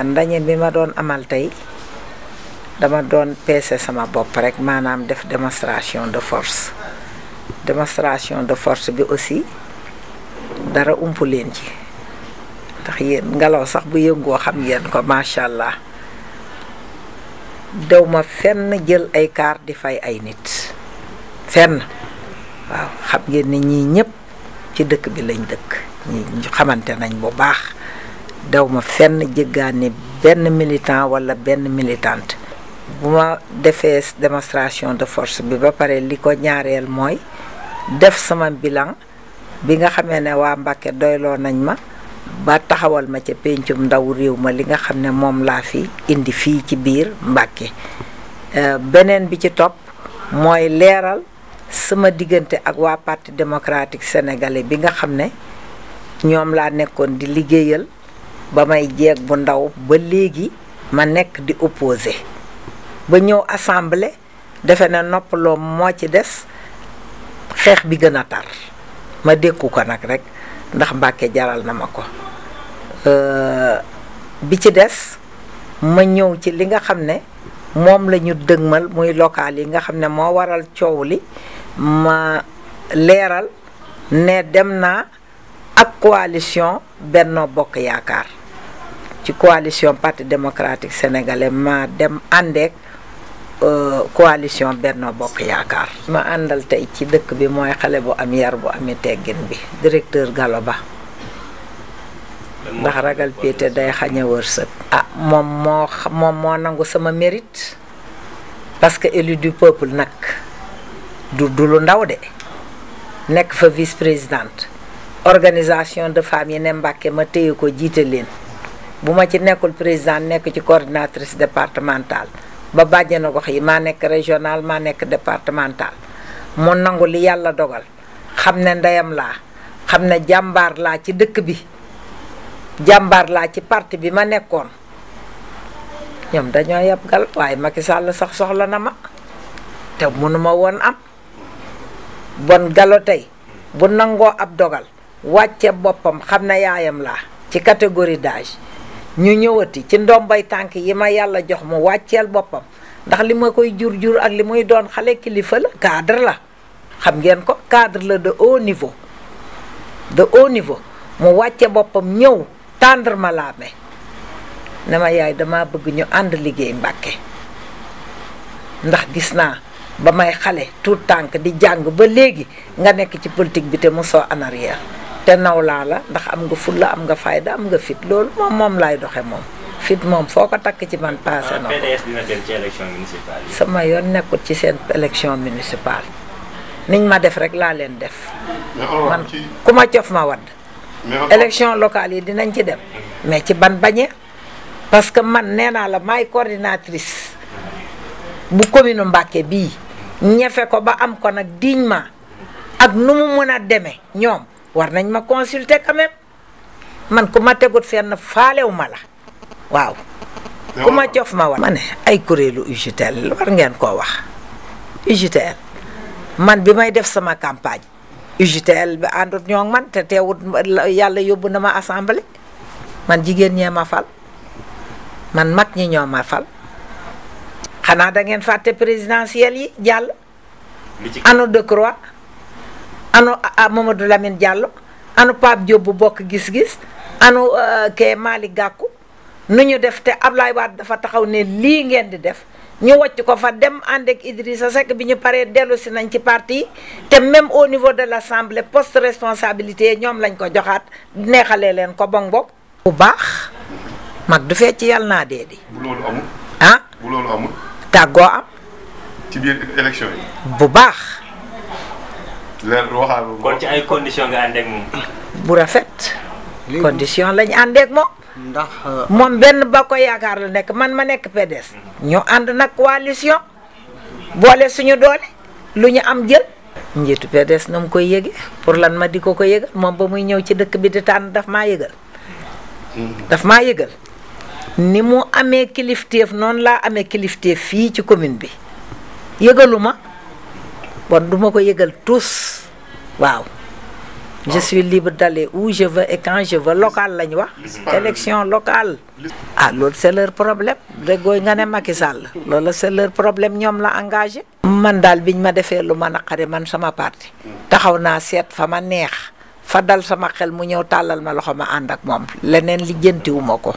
ndañe bi ma doon amal tey dama doon peese sama bopp rek maanaam def démonstration de force démonstration de force bi aussi dara ump leen ci ndax yéen ngelaw sax bu yëngoo xam yéen ko macha allah dew ma fenn jël ay kaar di fay ay nit fenn waaw xam ngeen ni ñii ñëpp ci dëkk bi lañ dëkk ñi xamante nañ bu baax daw ma fenn jéggaani benn militant walla benn militante bu ma defee démonstration de force bi ba pare li ko ñaareel mooy def sama bilan bi nga xamee ne waa Mbàkke doyloo nañ ma ba taxawal ma ca péncum ndaw réew ma li nga xam ne moom laa fi indi fii ci biir Mbàkke euh, beneen bi ci topp mooy leeral sama diggante ak waa parti démocratique sénégalais bi nga xam ne ñoom laa nekkoon di liggéeyal ba may jeeg bu ndaw ba léegi ma nekk di opposé ba ñëw assemblée defe ne noppaloo moo ci des xeex bi gën a tar ma dékku ko nag rek ndax Mbàkke jaral na ma ko euh, bi ci des ma ñëw ci li nga xam ne moom la ñu dëgmal muy local yi nga xam ne moo waral coow li ma leeral ne dem naa ak coalition Benno Bokk Yaakaar ci coalition parti démocratique sénégalais ma dem àndeek euh, coalition Benno Bokk Yaakaar. ma àndal tey ci dëkk bi mooy xale bu am yar bu ami teggin bi directeur Gallo Ba ndax ragal piété day xañe wërsëg. ah moom moo moom moo nangu sama mérite parce que élu du peuple nag du du lu ndaw de nekk fa vice présidente organisation de femmes yi ne Mbàkke ma téye ko jiite leen. bu ma ci nekkul président nekk ci coordinatrice départementale ba na gox yi maa nekk régional maa nekk départemental mu nangu li yàlla dogal xam ne ndeyam laa xam ne jàmbaar laa ci dëkk bi jàmbaar laa ci partie bi ma nekkoon ñoom dañoo yab gal waaye Macky sàll sax soxla na ma te mënuma woon am bon galo tey bu nangoo ab dogal wàcce boppam xam ne yaayam laa ci catégorie d'âge ñu ñëwati ci ndombay tànk yi ma yàlla jox mu wàcceel boppam ndax li ma koy jur jur ak li muy doon xale kilifa la cadre la xam ngeen ko cadre la de haut niveau de haut niveau mu wàcce boppam ñëw tendre ma laame ne ma yaay dama bëgg ñu ànd liggéey mbàkke ndax gis naa ba may xale tout tànk di jàng ba léegi nga nekk ci politique bi te mu soo en arrière te nawlaa la ndax am nga fulla am nga fayda am nga fit loolu moom moom laay doxe moom fit moom foo ko takk ci man passé na ko ah, PDS dina sama yoon nekkul ci seen élection municipale niñ ma def rek laa leen def man ku ma cof ma wadd élection locale yi dinañ ci dem mais ci ban bañe parce que man nee naa la may coordinatrice bu commune Mbàkke bii ñefe ko ba am ko nag dignement ak nu mu mën a demee ñoom war nañ ma consulter quand man ku ma tegut fenn faalewu ma la waaw ku ma cof ma war ma ne ay kuréelu UJTL war ngeen koo wax UJTL man bi may def sama campagne UJTL bi àndut ñoo man te teewut yàlla yóbbu na ma assemblée man jigéen ñee ma fal man mag ñi ño ma fal xanaa da ngeen fàtte présidentielle yi jàll ano de croix anu Mamadou Lamine Diallo anu Pape Diop bu bokk gis-gis anu euh, ke Malick Gakou nu ñu def te Ablaye Wade dafa taxaw ne lii ngeen di def ñu wàcc ko fa dem ànd ak Idrissa Seck bi ñu paree dellusi nañ ci parti te même au niveau de l' assemblée poste responsabilité ñoom lañ ko joxaat neexalee leen ko bong bong bu baax mag du fee ci yàlla naa dee di. Ah? tàggoo am. bu baax. leer waxaal kon ci ay conditions nga ànd moom. bu rafet. condition lañ ànd ak moom. Euh, moom benn ba ko yaakaar la nekk man ma nekk PDS. ñu ànd nag coalition. boole suñu doole lu ñu am jël. njiitu PDS na koy pour lan ma di ko ko yëgal muy ñëw ci dëkk bi di tànn hmm. daf maa yëgal. ni mu amee kilifteef noonu laa amee kilifteef fii ci commune bi yëgaluma bon du ko yëgal tous waaw je suis libre d'aller où je veux et quand je veux local lañ wax élection locale ah loolu c'est leur problème déggooy nga ne Macky Sall loolu c'est problème ñoom la engagé man daal biñ ma defee lu ma naqari man sama parti taxaw naa seet fa ma neex fa dal sama xel mu ñëw tàllal ma loxo ma ànd ak moom leneen lijjantiwu ma ko